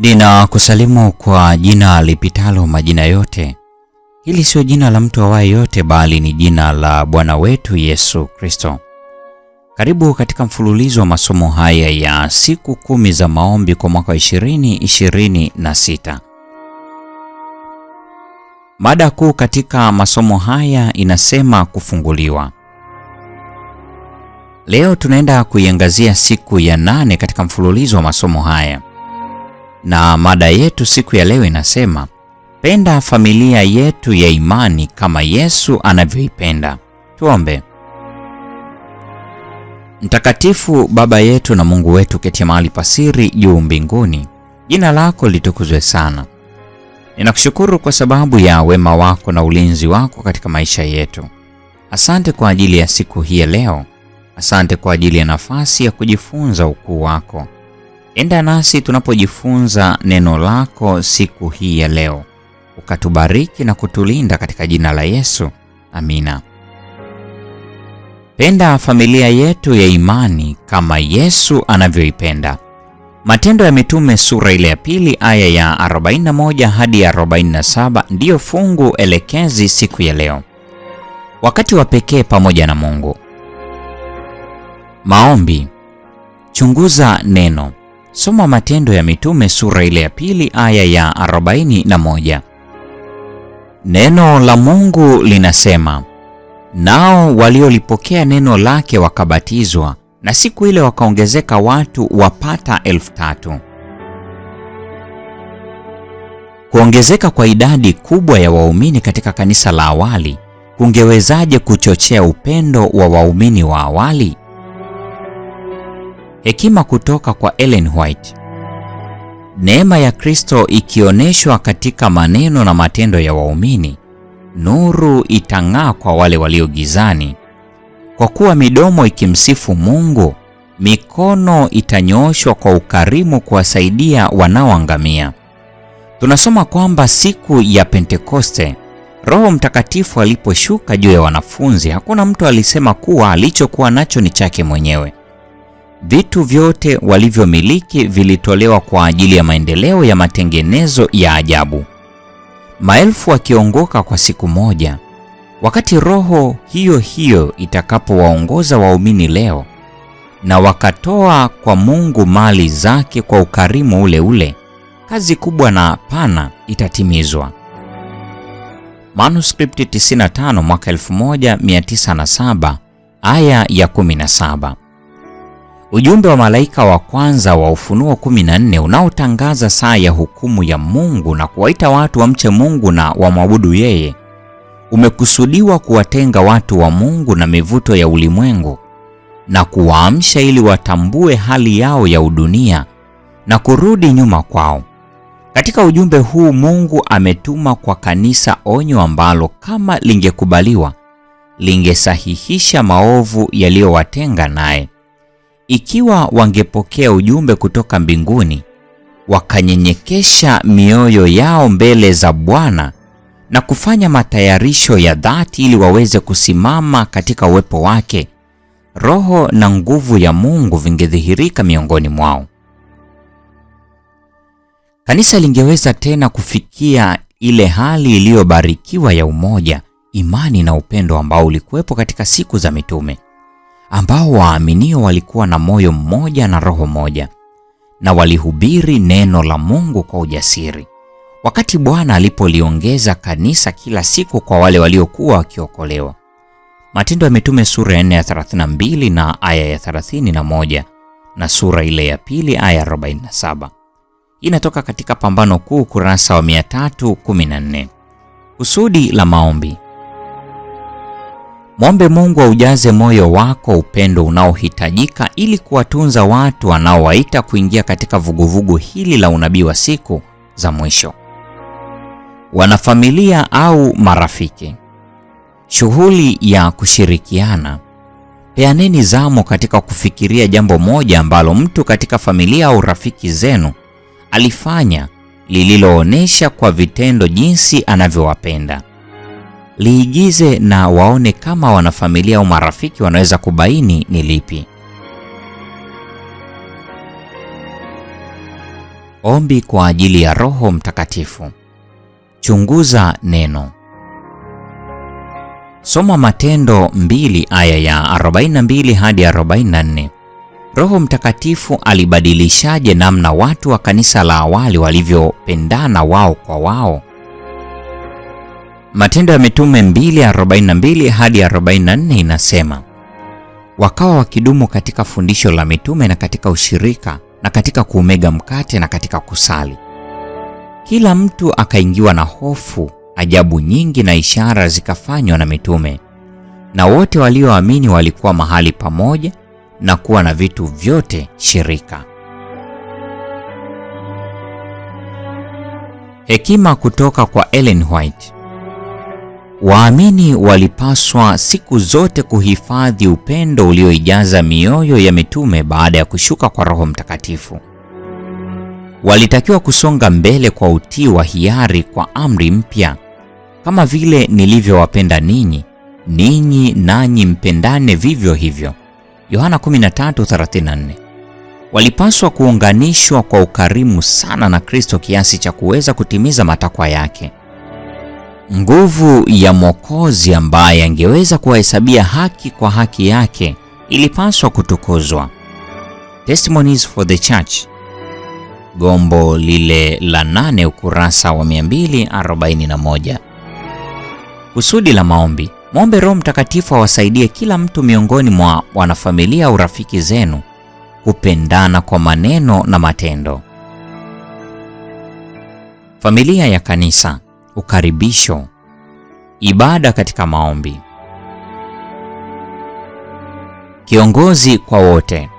Ninakusalimu kwa jina lipitalo majina yote. Hili sio jina la mtu awaye yote, bali ni jina la Bwana wetu Yesu Kristo. Karibu katika mfululizo wa masomo haya ya siku kumi za maombi kwa mwaka 2026. Mada kuu katika masomo haya inasema kufunguliwa. Leo tunaenda kuiangazia siku ya nane katika mfululizo wa masomo haya na mada yetu siku ya leo inasema penda familia yetu ya imani kama Yesu anavyoipenda. Tuombe. Mtakatifu Baba yetu na Mungu wetu ketia mahali pasiri juu mbinguni, jina lako litukuzwe sana. Ninakushukuru kwa sababu ya wema wako na ulinzi wako katika maisha yetu. Asante kwa ajili ya siku hii ya leo. Asante kwa ajili ya nafasi ya kujifunza ukuu wako. Enda nasi tunapojifunza neno lako siku hii ya leo, ukatubariki na kutulinda katika jina la Yesu, amina. Penda familia yetu ya imani kama Yesu anavyoipenda. Matendo ya Mitume sura ile ya pili aya ya 41 hadi 47 ndiyo fungu elekezi siku ya leo. Wakati wa pekee pamoja na Mungu. Maombi. Chunguza neno. Soma Matendo ya Mitume sura ile ya pili aya ya 41. Neno la Mungu linasema, nao waliolipokea neno lake wakabatizwa, na siku ile wakaongezeka watu wapata elfu tatu. Kuongezeka kwa idadi kubwa ya waumini katika kanisa la awali kungewezaje kuchochea upendo wa waumini wa awali? Hekima kutoka kwa Ellen White. Neema ya Kristo ikionyeshwa katika maneno na matendo ya waumini, nuru itang'aa kwa wale walio gizani. Kwa kuwa midomo ikimsifu Mungu, mikono itanyooshwa kwa ukarimu kuwasaidia wanaoangamia. Tunasoma kwamba siku ya Pentekoste Roho Mtakatifu aliposhuka juu ya wanafunzi, hakuna mtu alisema kuwa alichokuwa nacho ni chake mwenyewe. Vitu vyote walivyomiliki vilitolewa kwa ajili ya maendeleo ya matengenezo ya ajabu. Maelfu wakiongoka kwa siku moja, wakati roho hiyo hiyo itakapowaongoza waumini leo na wakatoa kwa Mungu mali zake kwa ukarimu ule ule, kazi kubwa na pana itatimizwa. Manuscript 95 mwaka 1907 aya ya 17. Ujumbe wa malaika wa kwanza wa Ufunuo 14 unaotangaza saa ya hukumu ya Mungu na kuwaita watu wamche Mungu na wamwabudu yeye umekusudiwa kuwatenga watu wa Mungu na mivuto ya ulimwengu na kuwaamsha ili watambue hali yao ya udunia na kurudi nyuma kwao. Katika ujumbe huu Mungu ametuma kwa kanisa onyo ambalo kama lingekubaliwa lingesahihisha maovu yaliyowatenga naye. Ikiwa wangepokea ujumbe kutoka mbinguni, wakanyenyekesha mioyo yao mbele za Bwana na kufanya matayarisho ya dhati ili waweze kusimama katika uwepo wake, roho na nguvu ya Mungu vingedhihirika miongoni mwao. Kanisa lingeweza tena kufikia ile hali iliyobarikiwa ya umoja, imani na upendo ambao ulikuwepo katika siku za mitume ambao waaminio walikuwa na moyo mmoja na roho moja, na walihubiri neno la Mungu kwa ujasiri. Wakati Bwana alipoliongeza kanisa kila siku kwa wale waliokuwa wakiokolewa. Matendo ya Mitume sura ya 4 ya 32 na aya ya 31 na, na sura ile ya pili aya 47. Inatoka katika Pambano Kuu kurasa wa 314. Kusudi la maombi. Mwombe Mungu aujaze moyo wako upendo unaohitajika ili kuwatunza watu wanaowaita kuingia katika vuguvugu hili la unabii wa siku za mwisho. Wanafamilia au marafiki, shughuli ya kushirikiana. Peaneni zamo katika kufikiria jambo moja ambalo mtu katika familia au rafiki zenu alifanya lililoonyesha kwa vitendo jinsi anavyowapenda liigize na waone kama wanafamilia au marafiki wanaweza kubaini ni lipi. Ombi kwa ajili ya Roho Mtakatifu. Chunguza neno. Soma Matendo 2 aya ya 42 hadi 44. Roho Mtakatifu alibadilishaje namna watu wa kanisa la awali walivyopendana wao kwa wao? Matendo ya Mitume 2:42 hadi 44 inasema, wakawa wakidumu katika fundisho la mitume na katika ushirika na katika kuumega mkate na katika kusali. Kila mtu akaingiwa na hofu, ajabu nyingi na ishara zikafanywa na mitume, na wote walioamini walikuwa mahali pamoja na kuwa na vitu vyote shirika. Hekima kutoka kwa Ellen White. Waamini walipaswa siku zote kuhifadhi upendo ulioijaza mioyo ya mitume baada ya kushuka kwa Roho Mtakatifu. Walitakiwa kusonga mbele kwa utii wa hiari kwa amri mpya, kama vile nilivyowapenda ninyi, ninyi nanyi mpendane vivyo hivyo. Yohana 13:34. Walipaswa kuunganishwa kwa ukarimu sana na Kristo kiasi cha kuweza kutimiza matakwa yake. Nguvu ya Mwokozi ambaye angeweza kuwahesabia haki kwa haki yake ilipaswa kutukuzwa. Testimonies for the Church, gombo lile la nane, ukurasa wa 241. Kusudi la maombi: mwombe Roho Mtakatifu awasaidie kila mtu miongoni mwa wanafamilia au rafiki zenu kupendana kwa maneno na matendo. Familia ya Kanisa Ukaribisho, ibada katika maombi, kiongozi kwa wote.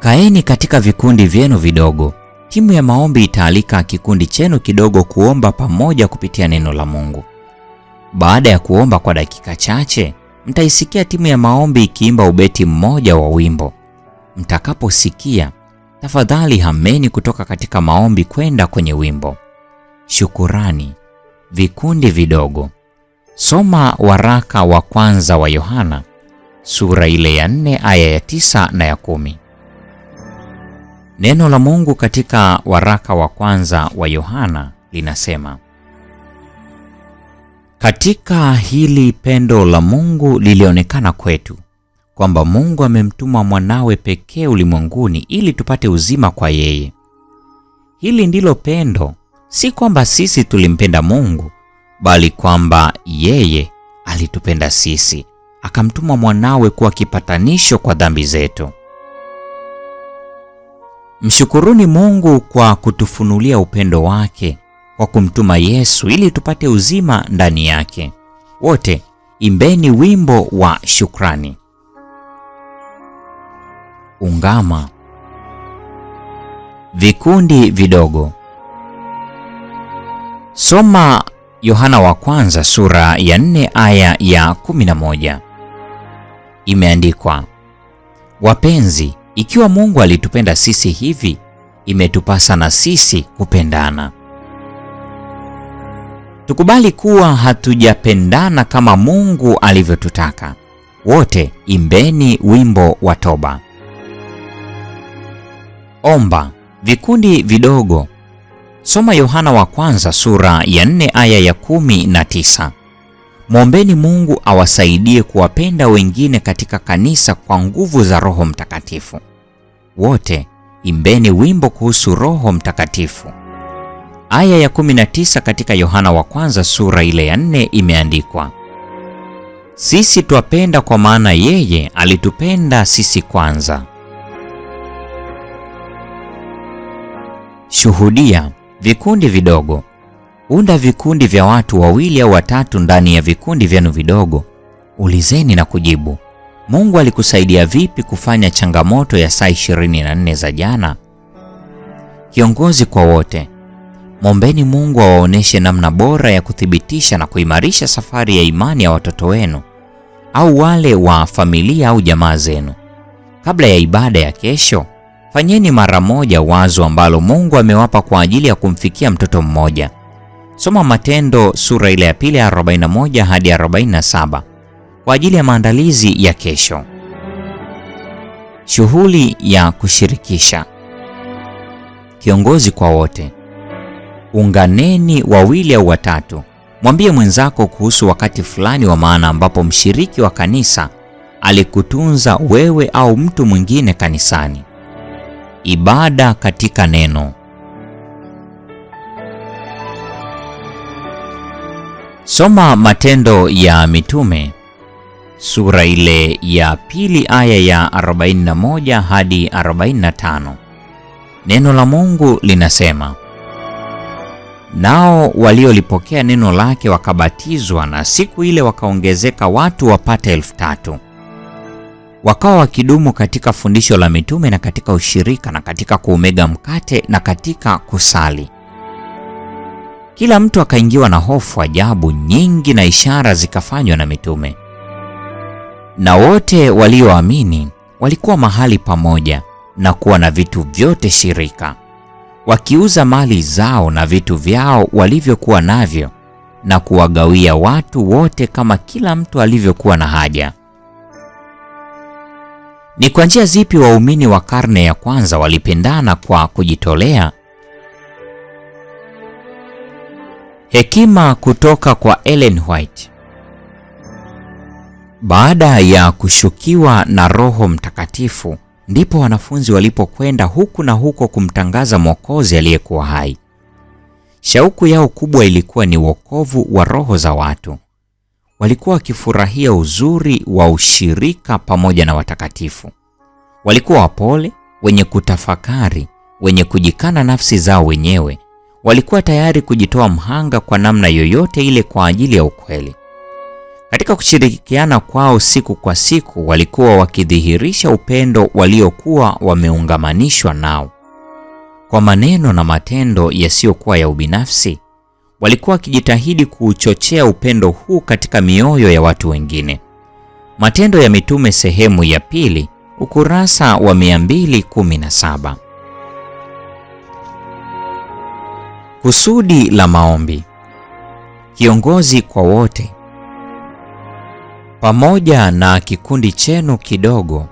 Kaeni katika vikundi vyenu vidogo. Timu ya maombi itaalika kikundi chenu kidogo kuomba pamoja kupitia neno la Mungu. Baada ya kuomba kwa dakika chache, mtaisikia timu ya maombi ikiimba ubeti mmoja wa wimbo. Mtakaposikia, tafadhali hameni kutoka katika maombi kwenda kwenye wimbo shukurani, vikundi vidogo. Soma waraka wa kwanza wa Yohana sura ile ya nne aya ya tisa na ya kumi. Neno la Mungu katika waraka wa kwanza wa Yohana linasema, katika hili pendo la Mungu lilionekana kwetu, kwamba Mungu amemtuma mwanawe pekee ulimwenguni ili tupate uzima kwa yeye. Hili ndilo pendo si kwamba sisi tulimpenda Mungu, bali kwamba yeye alitupenda sisi akamtuma mwanawe kuwa kipatanisho kwa dhambi zetu. Mshukuruni Mungu kwa kutufunulia upendo wake kwa kumtuma Yesu ili tupate uzima ndani yake. Wote imbeni wimbo wa shukrani. Ungama vikundi vidogo. Soma Yohana wa kwanza sura ya nne aya ya 11 moja. Imeandikwa, wapenzi, ikiwa Mungu alitupenda sisi hivi, imetupasa na sisi kupendana. Tukubali kuwa hatujapendana kama Mungu alivyotutaka. Wote imbeni wimbo wa toba. Omba vikundi vidogo Soma Yohana wa kwanza sura ya nne aya ya kumi na tisa. Mwombeni Mungu awasaidie kuwapenda wengine katika kanisa kwa nguvu za Roho Mtakatifu. Wote imbeni wimbo kuhusu Roho Mtakatifu. Aya ya 19 katika Yohana wa kwanza sura ile ya nne imeandikwa, sisi twapenda kwa maana yeye alitupenda sisi kwanza. Shuhudia Vikundi vidogo. Unda vikundi vya watu wawili au watatu ndani ya vikundi vyenu vidogo. Ulizeni na kujibu. Mungu alikusaidia vipi kufanya changamoto ya saa 24 za jana? Kiongozi kwa wote. Mwombeni Mungu awaoneshe namna bora ya kuthibitisha na kuimarisha safari ya imani ya watoto wenu au wale wa familia au jamaa zenu. Kabla ya ibada ya kesho, Fanyeni mara moja wazo ambalo Mungu amewapa kwa ajili ya kumfikia mtoto mmoja. Soma Matendo sura ile ya pili 41 hadi 47 kwa ajili ya maandalizi ya kesho. Shughuli ya kushirikisha kiongozi kwa wote. Unganeni wawili au watatu, mwambie mwenzako kuhusu wakati fulani wa maana ambapo mshiriki wa kanisa alikutunza wewe au mtu mwingine kanisani ibada katika neno. Soma Matendo ya Mitume sura ile ya pili aya ya 41 hadi 45. Neno la Mungu linasema, nao waliolipokea neno lake wakabatizwa, na siku ile wakaongezeka watu wapata elfu tatu wakawa wakidumu katika fundisho la mitume na katika ushirika na katika kuumega mkate na katika kusali. Kila mtu akaingiwa na hofu ajabu nyingi, na ishara zikafanywa na mitume, na wote walioamini walikuwa mahali pamoja na kuwa na vitu vyote shirika, wakiuza mali zao na vitu vyao walivyokuwa navyo na kuwagawia watu wote kama kila mtu alivyokuwa na haja. Ni kwa njia zipi waumini wa karne ya kwanza walipendana kwa kujitolea? Hekima kutoka kwa Ellen White. Baada ya kushukiwa na Roho Mtakatifu, ndipo wanafunzi walipokwenda huku na huko kumtangaza Mwokozi aliyekuwa hai. Shauku yao kubwa ilikuwa ni wokovu wa roho za watu walikuwa wakifurahia uzuri wa ushirika pamoja na watakatifu. Walikuwa wapole, wenye kutafakari, wenye kujikana nafsi zao wenyewe. Walikuwa tayari kujitoa mhanga kwa namna yoyote ile kwa ajili ya ukweli. Katika kushirikiana kwao siku kwa siku, walikuwa wakidhihirisha upendo waliokuwa wameungamanishwa nao kwa maneno na matendo yasiyokuwa ya ubinafsi walikuwa wakijitahidi kuuchochea upendo huu katika mioyo ya watu wengine. Matendo ya Mitume sehemu ya pili, ukurasa wa 217. Kusudi la maombi. Kiongozi kwa wote. Pamoja na kikundi chenu kidogo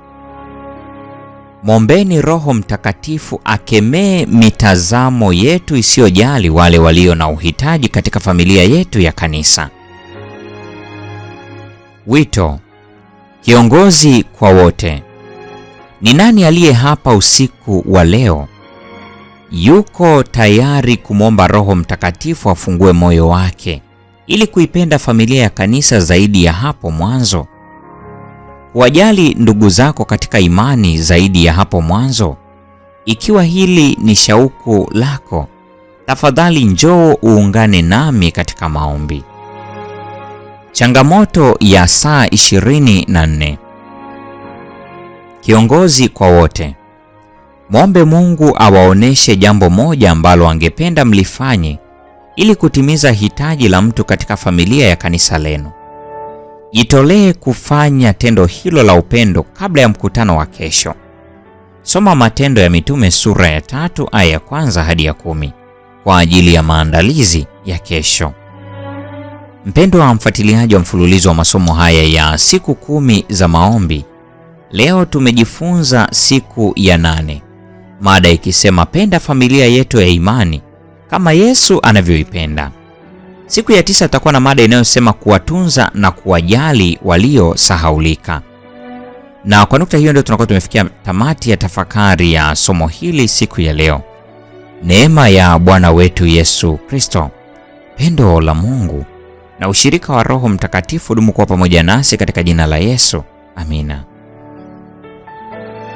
Mwombeni Roho Mtakatifu akemee mitazamo yetu isiyojali wale walio na uhitaji katika familia yetu ya kanisa. Wito: kiongozi kwa wote. Ni nani aliye hapa usiku wa leo yuko tayari kumwomba Roho Mtakatifu afungue moyo wake ili kuipenda familia ya kanisa zaidi ya hapo mwanzo? Wajali ndugu zako katika imani zaidi ya hapo mwanzo. Ikiwa hili ni shauku lako, tafadhali njoo uungane nami katika maombi. Changamoto ya saa 24. Kiongozi kwa wote. Mwombe Mungu awaoneshe jambo moja ambalo angependa mlifanye ili kutimiza hitaji la mtu katika familia ya kanisa lenu. Jitolee kufanya tendo hilo la upendo kabla ya mkutano wa kesho. Soma Matendo ya Mitume sura ya tatu aya ya kwanza hadi ya kumi kwa ajili ya maandalizi ya kesho. mpendo wa mfuatiliaji wa mfululizo wa masomo haya ya siku kumi za maombi, leo tumejifunza siku ya nane, mada ikisema penda familia yetu ya imani kama Yesu anavyoipenda. Siku ya tisa itakuwa na mada inayosema kuwatunza na kuwajali waliosahaulika. Na kwa nukta hiyo ndio tunakuwa tumefikia tamati ya tafakari ya somo hili siku ya leo. Neema ya Bwana wetu Yesu Kristo, pendo la Mungu na ushirika wa Roho Mtakatifu dumu kuwa pamoja nasi katika jina la Yesu. Amina.